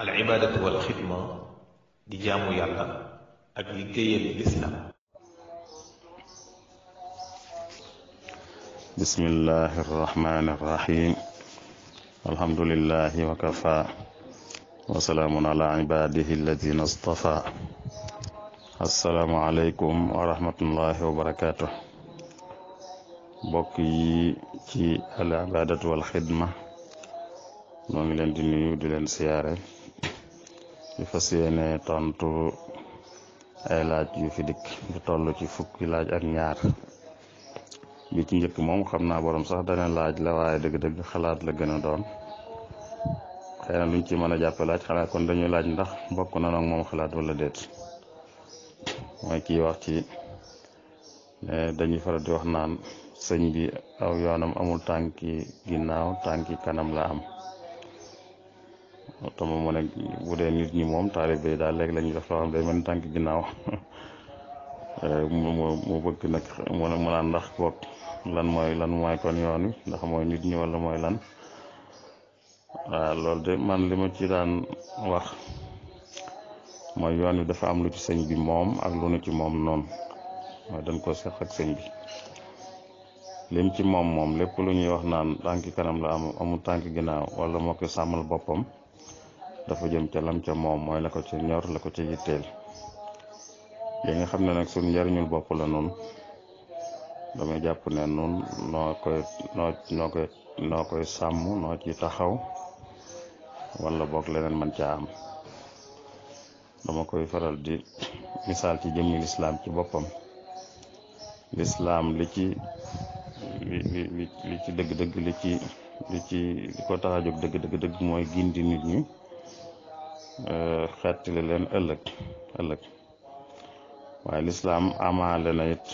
al ibaadatu wal xidma di jaamu yàlla ak liggéeyal lislaam bismillahi arrahmani arrahim alhamdulillahi wa kafa wa salaamun ala ibaadihi alladina stafa assalaamu aleykum wa rahmatullahi wa barakaatu mbokk yi ci al ibaadatu wal xidma noo ngi leen di nuyu di leen siyaare ñu fas yéene tontu ay laaj yu fi dikk toll ci fukki laaj ak ñaar bi ci njëkk moom xam naa borom sax dana laaj la waaye dëgg-dëgg xalaat la gën a doon xëy na luñ ci mën a jàppe laaj xalaat kon dañuy laaj ndax bokk na nag moom xalaat wala déet mooy ki wax ci ne dañuy faral di wax naan sëñ bi yoonam amul tànki ginnaaw tànki kanam la am te moom mu ne dee nit ñi moom taalibe daal léegi la ñuy def loo xam day mel ni tànk ginnaaw eh, mu ndax lan mooy lan mooy kon yoon nit ñi wala mooy lan loolu de man li ma ci daan wax mooy yoon wi dafa am lu ci sëñ bi moom ak lu nu ci moom noonu mooy dañ ko seq ak sëñ bi lim ci moom moom lépp lu ñuy wax naan tànki kanam la am amul tànk ginnaaw wala moo ko sàmmal boppam dafa jëm ca lam ca moom mooy la ko ca ñor la ko ca yitteel yi nga xam ne nag suñ njariñul bopp la nun damay jàpp ne nun noo koy noo noo sàmm noo ci taxaw wala boog leneen man caa am dama koy faral di misaal ci jëmmi lislaam ci boppam lislaam li ci li li li ci dëgg-dëgg li ci li ci li dëgg dëgg mooy gindi ñi xettali leen ëllëg ëllëg waaye lislaam amaale na it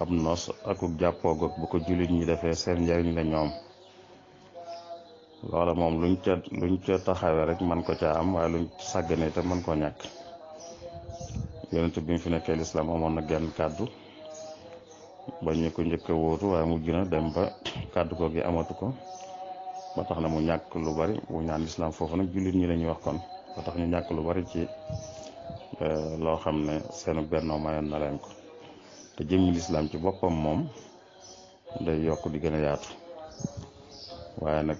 ab nos akub jàppoo goog bu ko jullit ñi defee seen njariñ la ñoom loola moom luñ ca luñ ca taxawe rek man ko caa am waaye luñ sàggane te man koo ñàkk yonent bi mu fi nekkee lislaam amoon na genn kàddu ba ñu ko njëkk a waaye mujj na dem ba kàddu ko gi amatu ko ba tax na mu ñàkk lu bari bu ñaan lislaam foofu nag jullit ñi la ñuy wax kon ba tax ñu ñàkk lu bari ci euh, loo xam ne seenu bennoo mayoon na leen ko te jëmmi lislaam ci boppam moom day yokk di gën a yaatu waaye nag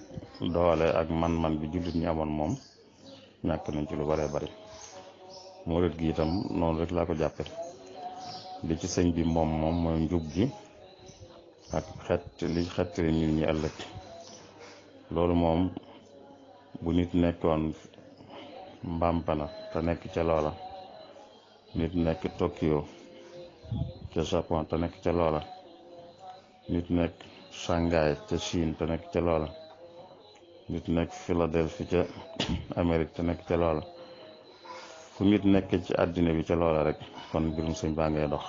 doole ak man-man bi jullit ñi amoon moom ñàkk nañ ci lu baree bari murit gi itam noonu rek laa jàppe li ci sëñ bi moom moom mooy njub gi ak xet li xettali nit ñi ëllëg loolu moom bu nit nekkoon mbampana te nekk ca loola nit nekk Tokyo ca Japon te nekk ca loola nit nekk Shanghai ca Chine te nekk ca loola nit nekk Philadelphie ca Amérique te nekk ca loola fu nit nekk ci àddina bi ca loola rek kon mbirum sëñ baa ngay dox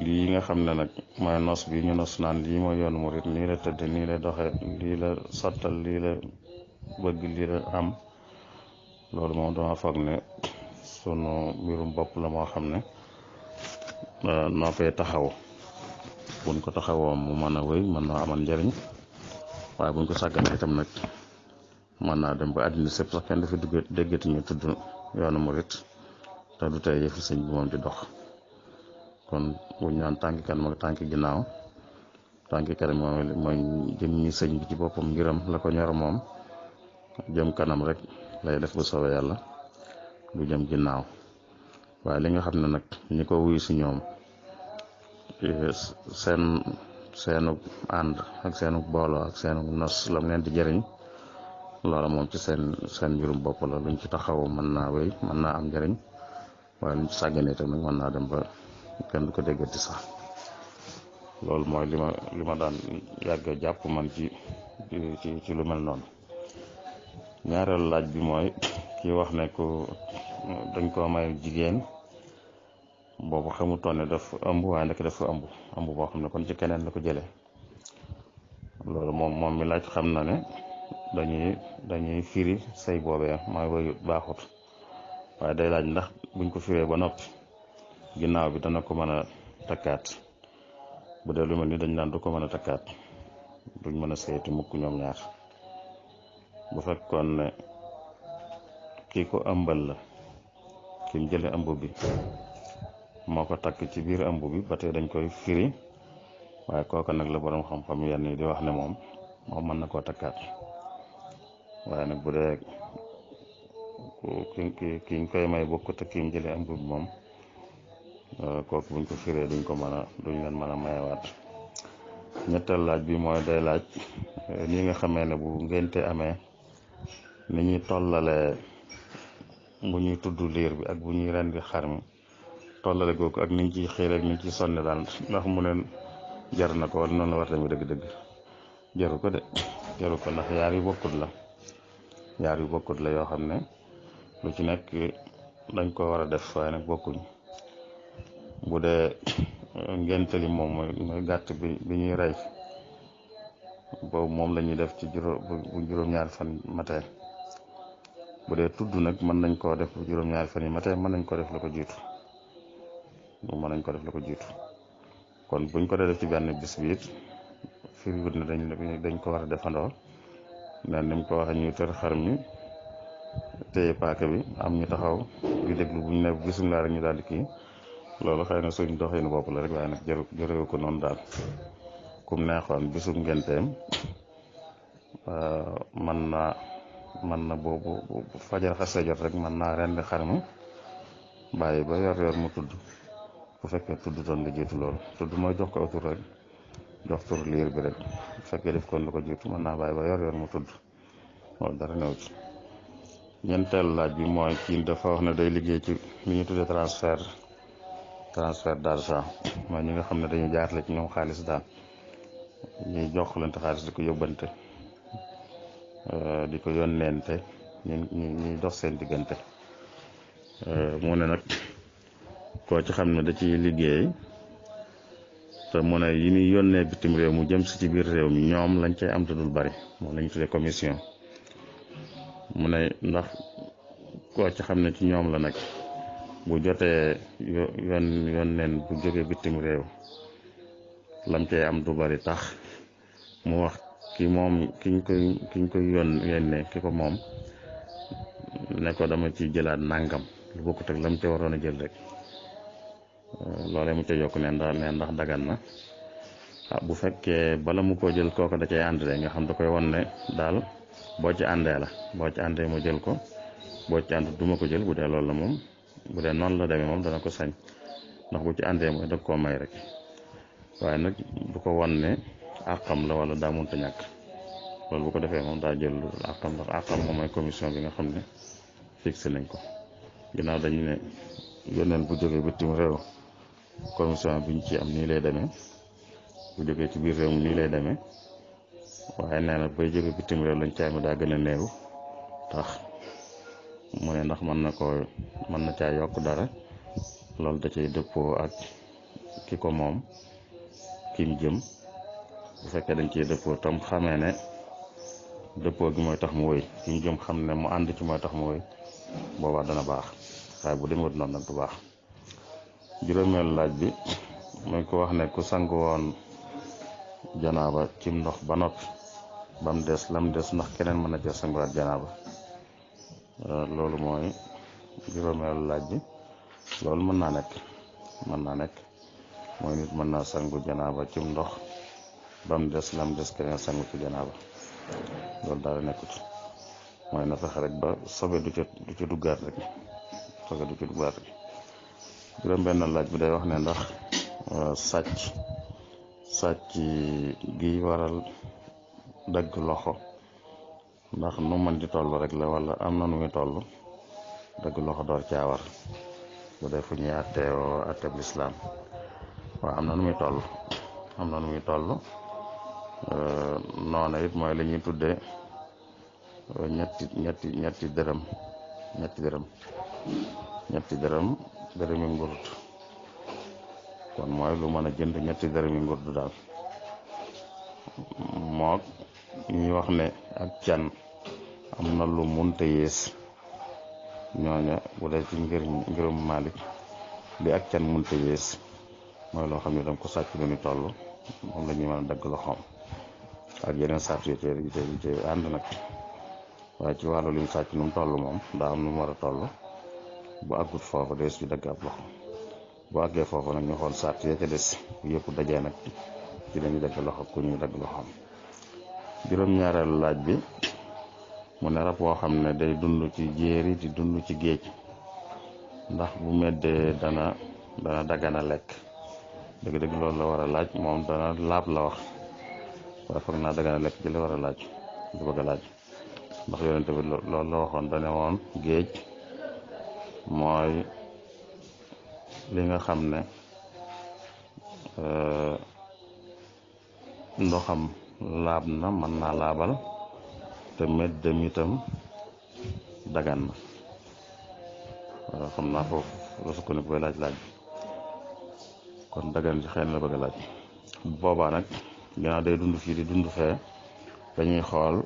lii nga xam ne nag mooy nos bi ñu nos naan lii mooy yoonu murit nii la tëdd nii la doxe lii la sottal lii la bëgg lii la am loolu moom dama foog ne sunu mbirum bopp la moo xam ne euh, noo koy taxaw buñ ko taxawoo mu mën a wéy mën naa amal njëriñ waaye buñ ko sàgganee itam nag mën naa dem ba àddina sëpp sax kenn dafa dugg déggati tudd yoonu murit te du tey yëfi sëñ bi moom di dox kon buñ naan tànk kanam ak tànk ginnaaw tànk kanam moom mooy jëmmi sëñ bi ci boppam ngiram la ko ñor moom jëm kanam rek lay def bu soobee yàlla lu jëm ginnaaw waaye li nga xam ne nag ñi ko wuyu si ñoom seen seenu ànd ak seenu booloo ak seenu nos lam leen di jëriñ loola moom ci seen seen mbirum bopp la luñ ci taxaw mën naa wéy mën naa am njëriñ waaye luñ ci sàgganee tamit mën naa dem ba kenn du ko déggati sax loolu mooy li ma li ma daan yàgg jàpp man ci ci lu mel noon ñaareelu laaj bi mooy ki wax ne ko dañ koo may jigéen boobu xamutoon ne daf ëmb waaye nag dafa ëmb ëmb boo xam ne kon ci keneen la ko jëlee loolu moom moom mi laaj xam na ne dañuy dañuy firi say boobee mooy wayu baaxut waaye day laaj ndax buñ ko firee ba noppi ginnaaw bi dana ko mën a takkaat bu dee lu mel ni dañ naan du ko mën a takaat duñ mën a seeti mukk ñoom ñaar bu fekkoon ne kii ko mbal la ki mu a ëmb moo ko takk ci biir ëmb bi ba tey dañ koy firi waaye kooka nag la borom xam-xam yenn yi di wax ne moom moom mën na koo takkaat waaye nag bu dee ki ki kiñ koy may bokkut ak ki mu jële ëmb bi moom Euh, kooku buñ ko firee duñ ko mën a duñ leen mën a waat ñetteel laaj bi mooy day laaj euh, ni nga xamee ne bu ngénte amee ni ñuy tollalee bu ñuy tudd liir bi ak bu ren rendi xar mi tollale ko ak ni ñu ciy xiir ak ni ci ciy sonne daal ndax mu ne jar na ko wala noonu la war dëgg-dëgg jaru ko de jaru ko ndax yaar yu bokkut la yaar yu bokkut la yoo xam ne lu ci nekk dañ ko war a def waaye nag bokkuñ bu dee ngénteli moom mooy gàtt bi bi ñuy rey boobu moom la ñuy def ci juróom bu juróom-ñaari fan matee bu dee tudd nag mën nañ koo def bu juróom-ñaari fan mën nañ koo def la ko jiitu mën nañ ko def la ko jiitu kon buñ ko dee def ci benn bis bi it firiwut na dañ dañ ko war a defandoo naan ni mu ko waxee ñuy tër xar mi téye paaka bi am ñu taxaw di déglu buñ ne bisimilah rek ñu daal di kii loolu xëy na suñ doxinu bopp la rek waaye nag jëru jërewu ko noonu daal kum neexoon bisum ngenteem euh, man naa man na boobu fajar xasee jot rek man naa rend xar mi bàyyi ba yor yor mu tudd bu fekkee tudd doon la jiitu loolu tudd mooy jox ko tur rek jox tur liir bi rek fekkee def kon la ko jiitu mën naa ba yor yor mu tudd loolu dara new ci ñeenteel laaj bi mooy kii dafa wax ne day liggéey ci li ñu tuddee transfert transfert d'argent mooy ñi nga xam ne dañu jaarale ci ñoom xaalis daal ñuy jokkalante xaalis di ko yóbbante euh, di ko yónneente ñu ñuy dox seen diggante euh, mu ne nag koo ci xam ne da ciy liggéey te mu ne yi ñuy yónnee bitim réew mu jëm si ci biir réew mi ñoom lañ cay am te dul bari moom lañ tuddee commission mu ne ndax koo ci xam ne ci ñoom la nag bu jotee yoon yoon neen bu jóge bitim réew lam cee am du bari tax mu wax ki moom kiñ koy kiñ koy yoon yenne ki ko moom ne ko dama ci jëlaat nangam lu bokkut ak lam ca waroon a jël rek euh, loolee mu ca yokk ne ndax ne ndax dagan na ah bu fekkee bala mu ko jël kooko da cay ànd de nga xam da koy won ne daal boo ci àndee la boo ci àndee mu jël ko boo ci ànd duma ko jël bu dee loolu la moom bu dee noonu la demee moom dana ko sañ ndax bu ci àndee mooy da koo may rek waaye nag bu ko wan ne àqam la wala daa ta ñàkk loolu bu ko defee moom daa jël àqam ndax àqam moom mooy commission bi nga xam ne fixé nañ ko ginnaaw dañu ne yeneen bu jógee bitim réew commission biñ ci am nii lay demee bu jógee ci biir réew mi nii lay demee waaye nee na bay jógee bitim réew lañ ci am daa gën a néew tax mu ndax mën na koo mën na caa yokk dara loolu da cay dëppoo ak ki ko moom kim jëm bu fekkee dañ cee dëppoo tam xamee ne dëppoo gi mooy tax mu wéy kim jëm xam ne mu ànd ci mooy tax mu wéy boobaa dana baax waaye bu demee noonu nag du baax juróomeel laaj bi mooy ko wax ne ku sang woon janaaba cim ndox ba noppi bam des lam des ndax keneen mën na cee sanguwaat janaaba Euh, loolu mooy juróomeelu laaj bi loolu mën naa nekk mën naa nekk mooy nit mën naa sangu janaaba cim ndox ba mu des lam des keneen sangu ci janaaba loolu daal nekkut mooy na fexe rek ba sobe du ca du ca duggaat rek sobe du ca duggaat rek benn laaj bi day wax ne ndax euh, sàcc sàcc gi waral dagg loxo ndax nu mën di toll rek la wala am na nu muy toll dëgg loxo door caawar bu dee fu ñuy atteewoo atteeb lislaam waaw am na nu muy toll am na nu muy toll noona it mooy li ñuy tuddee ñetti ñetti ñetti dërëm ñetti dërëm ñetti dërëm dërëmi ngurut kon mooy lu mën a jënd ñetti dërëmi ngurut daal mook ñuy wax ne ak can am na lu munta yées ñooña bu dee ci ngir ngirum Malik li ak can munta yées mooy loo xam ne danga ko sàcc lu ñu toll moom la ñuy mën a dagg loxoom ak yeneen sart yu ànd nag waaye ci wàllu liñ sàcc nu mu toll moom daa am nu mu war a toll bu foofu dees ci dagg ab foofu nag ñu xool sart ya ca des yëpp dajee nag ci lañuy dagg loxo ku ñuy dagg loxoom juróom-ñaareelu laaj bi mu ne rab woo xam ne day dund ci jéeri di dund ci géej ndax bu meddee dana dana dagana lekk dëgg-dëgg loolu la war a laaj moom dana laab la wax waaye foog na dagana lekk ci la war a laaj lu bëgg laaj ndax yonent bi loolu la waxoon dane woon géej mooy li nga xam ne euh, ndoxam laab na man naa laabal te meddam itam dagan na xam na foofu la su ko ne koy laaj laaj kon dagan xëy na la bëgg bu boobaa nag ginnaaw day dund fii di dund fee dañuy xool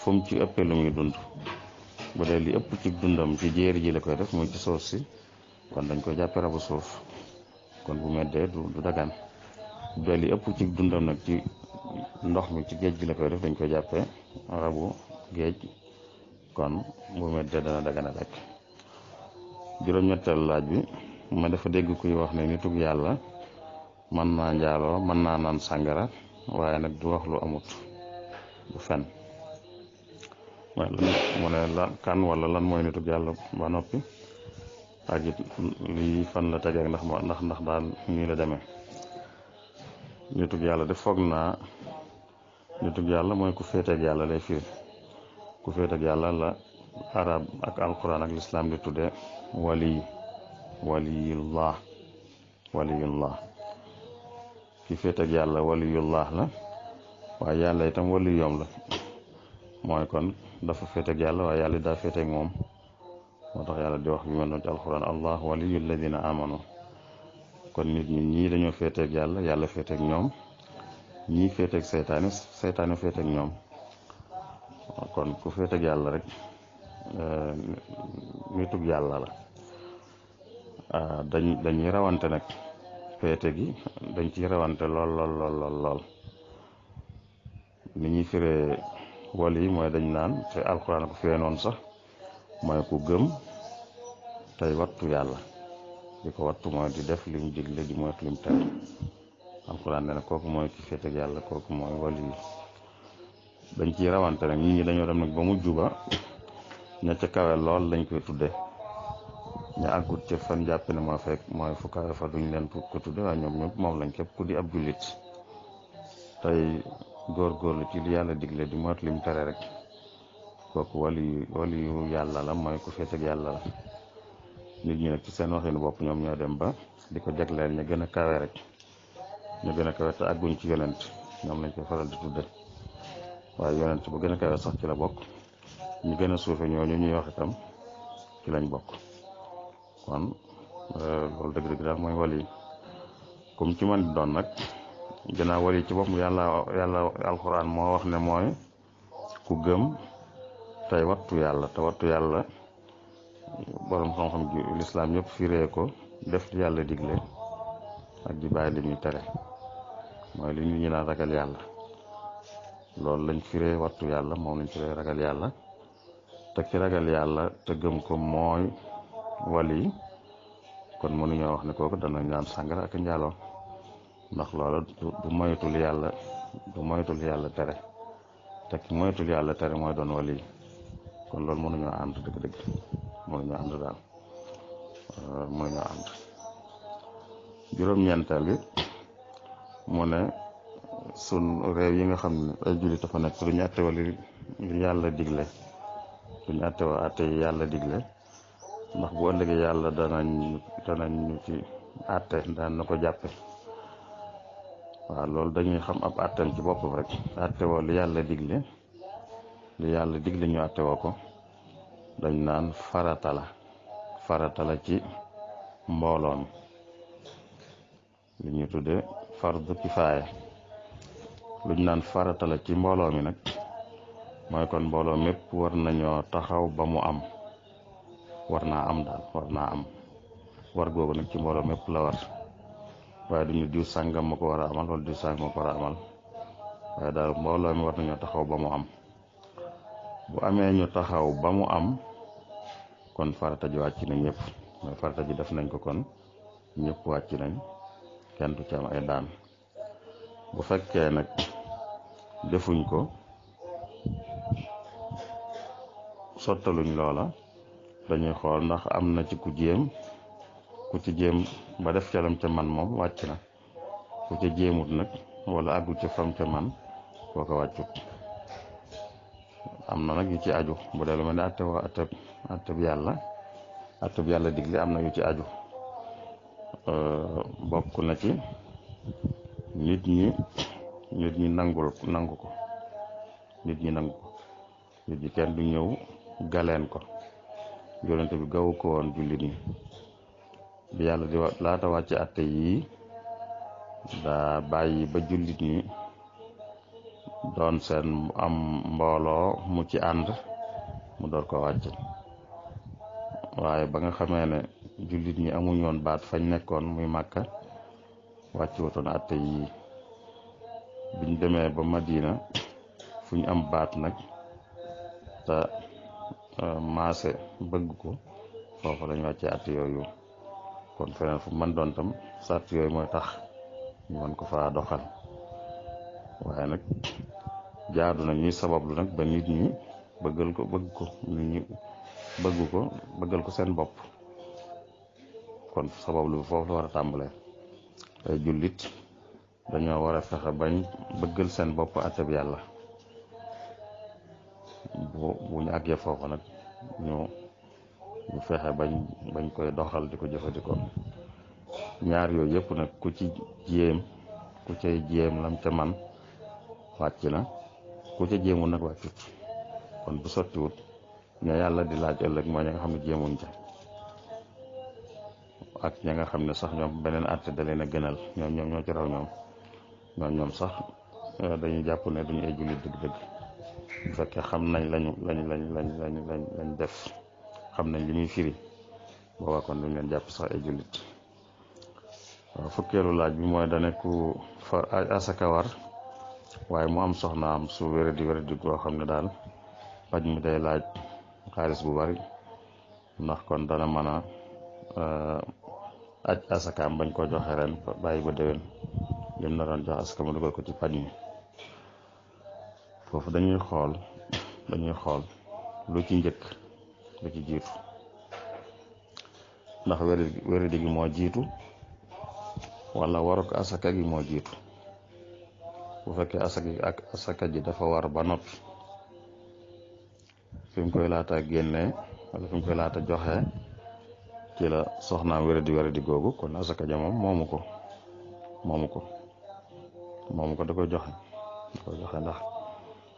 fu ci ëppee lu muy dund bu dee li ëpp ci dundam ci jéeri ji la koy def muy ci suuf si kon dañ koy jàppe rabu suuf kon bu meddee du dagan bu dee ëpp ci dundam nag ci ndox mi ci géej gi la koy def dañ koy jàppe rabu géej kon bu meddee dana dagana rek juróom-ñetteel laaj bi ma dafa dégg kuy wax ne nitug yàlla mën naa njaaloo mën naa naan sàngara waaye nag du wax amut du fen mu ne kan wala lan mooy nitug yàlla ba noppi ak it fan la tegeeg ndax ndax ndax daal nii la demee nitug yàlla de foog naa nitug yàlla mooy ku féeteeg yàlla lay fiir ku féeteeg yàlla la arab ak alquran ak lislaam di tudde wali waliyullah waliyullah ki féeteeg yàlla waliyullah la waaye yàlla itam waliyoom la mooy kon dafa féeteeg yàlla wa yàlla daa féeteeg moom moo tax yàlla di wax bi mel noonu ci alquran allah waliyu alladina amanu kon nit ñi ñii dañoo féeteeg yàlla yàlla féeteeg ñoom ñii féeteeg seytaane seytaane féeteeg ñoom kon ku féeteeg yàlla rek eh, nitug yàlla la ah, dañ dañuy rawante nag féete gi dañ ci rawante lool lool lool ni ñuy firee wal yi mooy dañ naan te alxuraan ko fee noon sax mooy ku gëm tey wattu yàlla di ko wattu mooy di def lim digle di moytu lim tere alxuraan ne nag kooku mooy ki féete yàlla kooku mooy wàllu dañ ci rawante nag ñi ñi dañoo dem nag ba mu juba ña ca lool lañ koy tudde ña àggut ca fan jàpp ne moo fekk mooy fu kawe fa duñ leen ko tudde waaye ñoom ñëpp moom lañ képp ku di ab jullit tey góorgóorlu ci li yàlla digle di moytu lim tere rek kooku wàllu yu wàllu yàlla la mooy ku féete yàlla la nit ñi nag ci seen waxinu bopp ñoom ñoo dem ba di ko jagleel ña gën a kawe rek ñu gën a kawe te àgguñ ci yonent ñoom lañ koy faral di tudde waaye yonent bu gën a kawe sax ci la bokk ñu gën a suufe ñooñu ñuy wax itam ci lañ bokk kon euh, loolu dëgg-dëgg daal mooy wali comme ci man doon nag gannaaw wali ci bopp yàlla yàlla alxuraan moo wax ne mooy ku gëm tey wattu yàlla te wattu yàlla borom xam-xam ji lislaam yëpp firee ko def yàlla digle ak di bàyyi li tere mooy li nit ñi daan ragal yàlla loolu lañ firee wattu yàlla moom lañ firee ragal yàlla te ki ragal yàlla te gëm ko mooy wali kon mënuñoo wax ne kooku dana ñaan sàngara ak njaaloo ndax loola du moytul yàlla du moytul yàlla tere te ki moytul yàlla tere mooy doon wali kon loolu mënuñoo ànd dëgg-dëgg mënuñoo ànd juróom-ñeenteel bi mu ne sun réew yi nga xam ne ay jullit dafa nekk duñu àttewoo li yàlla digle duñu àttewoo yàlla digle ndax bu ëllëgee yàlla danañ danañ ci àtte daan na ko jàppe waaw loolu dañuy xam ab àtteem ci bopp rek àttewoo li yàlla digle li yàlla digle ñu àttewoo ko dañ naan farata la ci mbooloom li ñu tudde fardu kifaaya lu ñu naan farata ci mbooloo mi nag mooy kon mbooloo mépp war nañoo taxaw ba mu am war naa am war naa am war googu nag ci mbooloo mépp la war waaye du ñu sàngam ma ko war a amal wala diw sàngam war a amal waaye daal mbooloo mi war nañoo taxaw ba mu am bu amee ñu taxaw ba mu am kon farata ji wàcc na ñëpp mooy farata ji nañ ko kon ñëpp wàcc nañ kenn du ci ay daan bu fekkee nag defuñ ko sottaluñ loola dañuy xool ndax am na ci ku jéem ku ci jéem ba def ca lam man moom wàcc na ku ca jéemut nag wala àggu ci fam ca man koo ko wàccut am na nag yu ci aju bu dee lu mel ne atte wa atteb atteb yàlla atteb digle am na yu ci aju Euh, bokk na ci nit ñi nit ñi nangul nangu ko nit ñi nangu ko nit ñi du ñëw galeen ko yonente bi gawu ko woon jullit ñi bi yàlla di laata wàcc atte daa bàyyi ba jullit ñi doon seen am mbooloo mu ci ànd mu door ko wàcc waaye ba nga xamee jullit ñi amuñ woon baat fañ nekkoon muy màkka wàcc wotoon atte yi biñ demee ba Madina fu ñu am baat nag te euh, maase bëgg ko foofu lañ wàccee atte kon feneen fu man tam sart yooyu mooy tax ñu mën ko faa doxal waaye nag jaadu na ñuy sabablu nag ba nit ñi bëggal ko bëgg ko bëggal ko seen bopp kon lu foofu la war a tàmbalee ay jullit dañoo war a fexe bañ bëggal seen bopp àtteb yàlla bu bu ñu àggee foofu nag ñu fexe bañ bañ koy doxal di ko jëfandikoo ñaar yooyu yëpp nag ku ci jéem ku cay jéem lam ca man wàcc na ku ca jéemul nag wàccut kon bu sottiwut ña yàlla di laaj ëllëg mooy ña nga xam ne jéemuñ ca ak ña nga xam ne sax ñoom beneen at da leen a gënal ñoom ñoom ñoo ci raw ñoom sax euh, dañuy jàpp ne duñu ay dëgg-dëgg bu fekkee xam nañ lañ lañ lañ lañ lañ lañ def xam nañ li muy firi boobaa kon duñ leen jàpp sax ay jullit waaw fukkeelu laaj bi mooy da ku fa asaka war waaye mu am soxna am su wéradi wéradi goo xam ne daal paj mi day laaj xaalis bu bari ndax kon dala mën euh, aj asakaam bañ koo joxe ren bàyyi ba déwén lim na doon jox asaka mu ko ci pañ mi foofu dañuy xool dañuy xool lu ci njëkk lu ci jiitu ndax wér wéradi gi moo jiitu wala waruk asaka gi moo jiitu bu fekkee asaka gi ak dafa war ba noppi fi koy laata génnee wala fi koy laata joxe ci la soxnaam wéradi wéradi googu kon asaka ja moom moomu ko moomu ko moomu ko da koy joxe da koy joxe ndax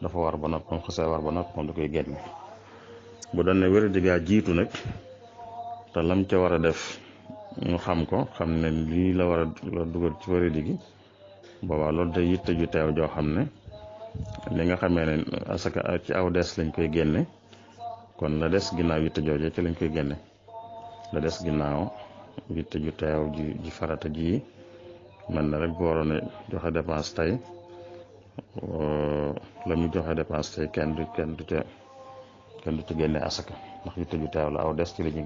dafa war ba noppi moom ba noppi moom da koy génne bu doon ne wéradi gaa jiitu nag te lam ca war a def ñu xam ko xam ne lii la war a la dugal ci wéradi gi boobaa loolu day yitte ju teew joo xam ne li nga xamee ne asaka ci aw des lañ koy génne kon la des ginnaaw yitte jooje ci lañ koy génne la des ginnaaw yitte ju teew ji farata ji mel na rek bu waroon a joxe dépense tey la mu joxe dépense tey kenn du kenn du te kenn du te génne la aw des ci li ñu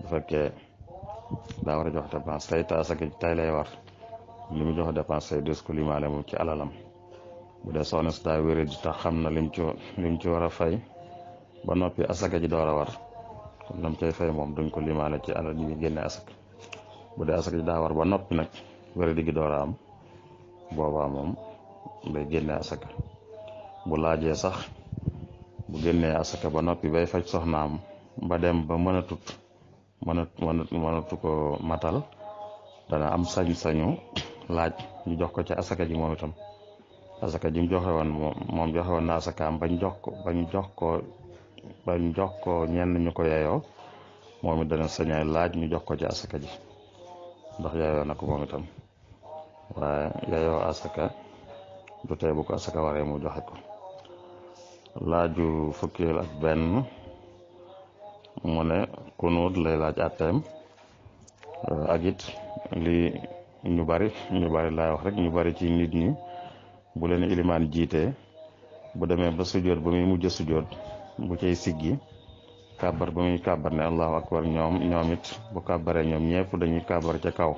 bu fekkee daa war a joxe dépense tey ta asaka ji tey lay war li mu joxe dépense tey des ko limaale moom ci alalam bu dee soxna si daa wéré di xam na lim ci lim ci war a fay ba noppi asaka ji door a war kon lam cay fay moom duñ ko limaale ci alal yi ñuy génne asak bu dee asak yi war ba noppi nag wéra diggi doora am booba moom day génne asaka bu laajee sax bu génnee asaka ba noppi bay faj soxnaam ba dem ba mënatut mënat mënatu mënatu ko matal dana am sañ-sañu laaj ñu jox ko ca asaka ji moom itam asaka ji mu joxe woon moom joxe woon na asakaam bañ jox ko bañ jox ko bañ jox ko ñenn ñu ko yaayoo moom it dana sañaay laaj ñu jox ko ci asaka ji ndax yaayoo na ko moom itam waaye yaayoo asaka du tey asaka waree mu joxe ko laaju fukkeel ak benn mu ne lay laaj àtteem ak it lii ñu bari ñu bari laay rek ñu bari ci nit ñi bu leen ilimaan jiite bu demee ba sujjóot ba muy mujj sujjóot bu cay siggi kàbbar bu muy kàbbar ne allahu akbar ñoom ñoom it bu kàbbaree ñoom ñëpp dañuy kàbbar ca kaw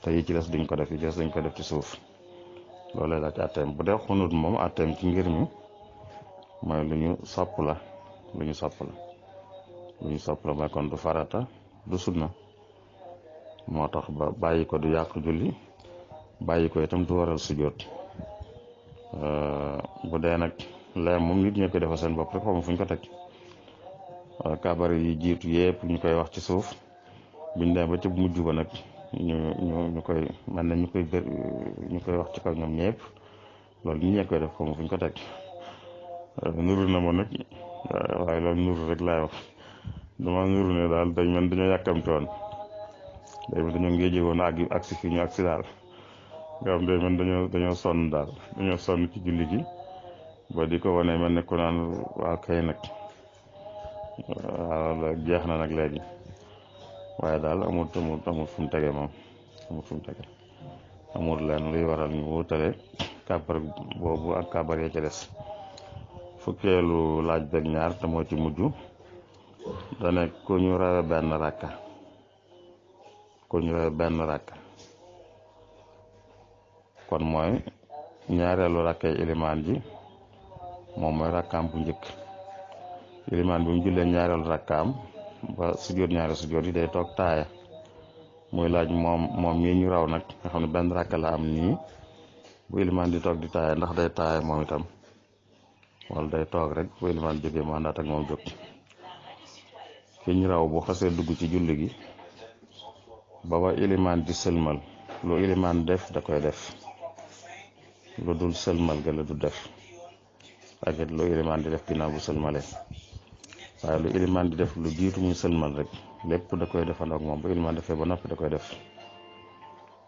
te yi ci des duñ ko def yi ci des dañ ko def ci suuf loolee la ci àtteem bu dee xunut moom àtteem ci ngir mi mooy ñu sopp la lu ñu sopp la lu ñu sopp la mooy kon du farata du sunna moo tax ba bàyyi du yàq julli bàyyi ko itam du waral sujjóot euh, bu dee nag leer moom nit ñi koy defal seen bopp rek xaw ma ko teg kabar yi jiitu yëpp ñu koy wax ci suuf biñ demee ba ca mujj ba nag ñu ñu ñu koy man na ñu koy ñu koy wax ci kaw ñoom ñëpp loolu nit ñi koy def xaw fuñ ko teg nuru na ma nag waaye loolu nuru rek laay wax dama nuru ne daal dañ man dañoo yàkkamti woon day man dañoo ngéeje ak agsi fii ñu agsi daal nga xam day man dañoo dañoo sonn daal dañoo sonn ci julli ba di ko wane mel ne ku naan waa kay nag jeex na nag léegi waaye daal amut amut amut fu tege moom amut fu tege amut leen luy waral ñu wutale kàbbar boobu ak kàbbar ya des fukkeelu laaj beeg ñaar te moo ci mujj dane ku ñu rawe benn ràkka ku ñu rawe kon mooy ñaareelu ràkkay ilimaan ji moom mooy rakkaam bu njëkk ilimaan bi mu jullee ñaareelu rakkaam ba sujjóot ñaari sujjóot yi day toog taaya mooy laaj moom moom ñii ñu raw nag nga xam ne benn rakka la am nii bu ilimaan di toog di taaya ndax day taaya moom itam wala day toog rek bu ilimaan jógee mu àndaat moom jóg ki ñu raw bu xasee dugg ci julli gi ba ba ilimaan di sëlmal lu ilimaan def da koy def lu dul sëlmal ga la du def ak it lu ilimaan di def ginnaaw bu sëlmale waaye lu ilimaan di def lu jiitu muy sëlmal rek lépp da koy defandoog moom bu ilimaan defee ba noppi da koy def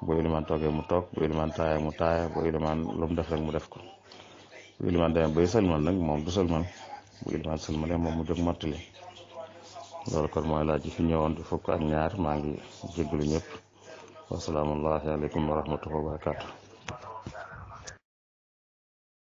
bu ilimaan toogee mu toog bu ilimaan taaya mu taaya bu ilimaan lu def rek mu def ko bu ilimaan demee bay sëlmal nag moom du sëlmal bu ilimaan sëlmalee moom mu jóg mottali loolu kon mooy laaj ji fi ñëwoon di fukk ak ñaar maa ngi jéggalu ñëpp wasalaamaaleykum wa rahmatulah wa barakaatu.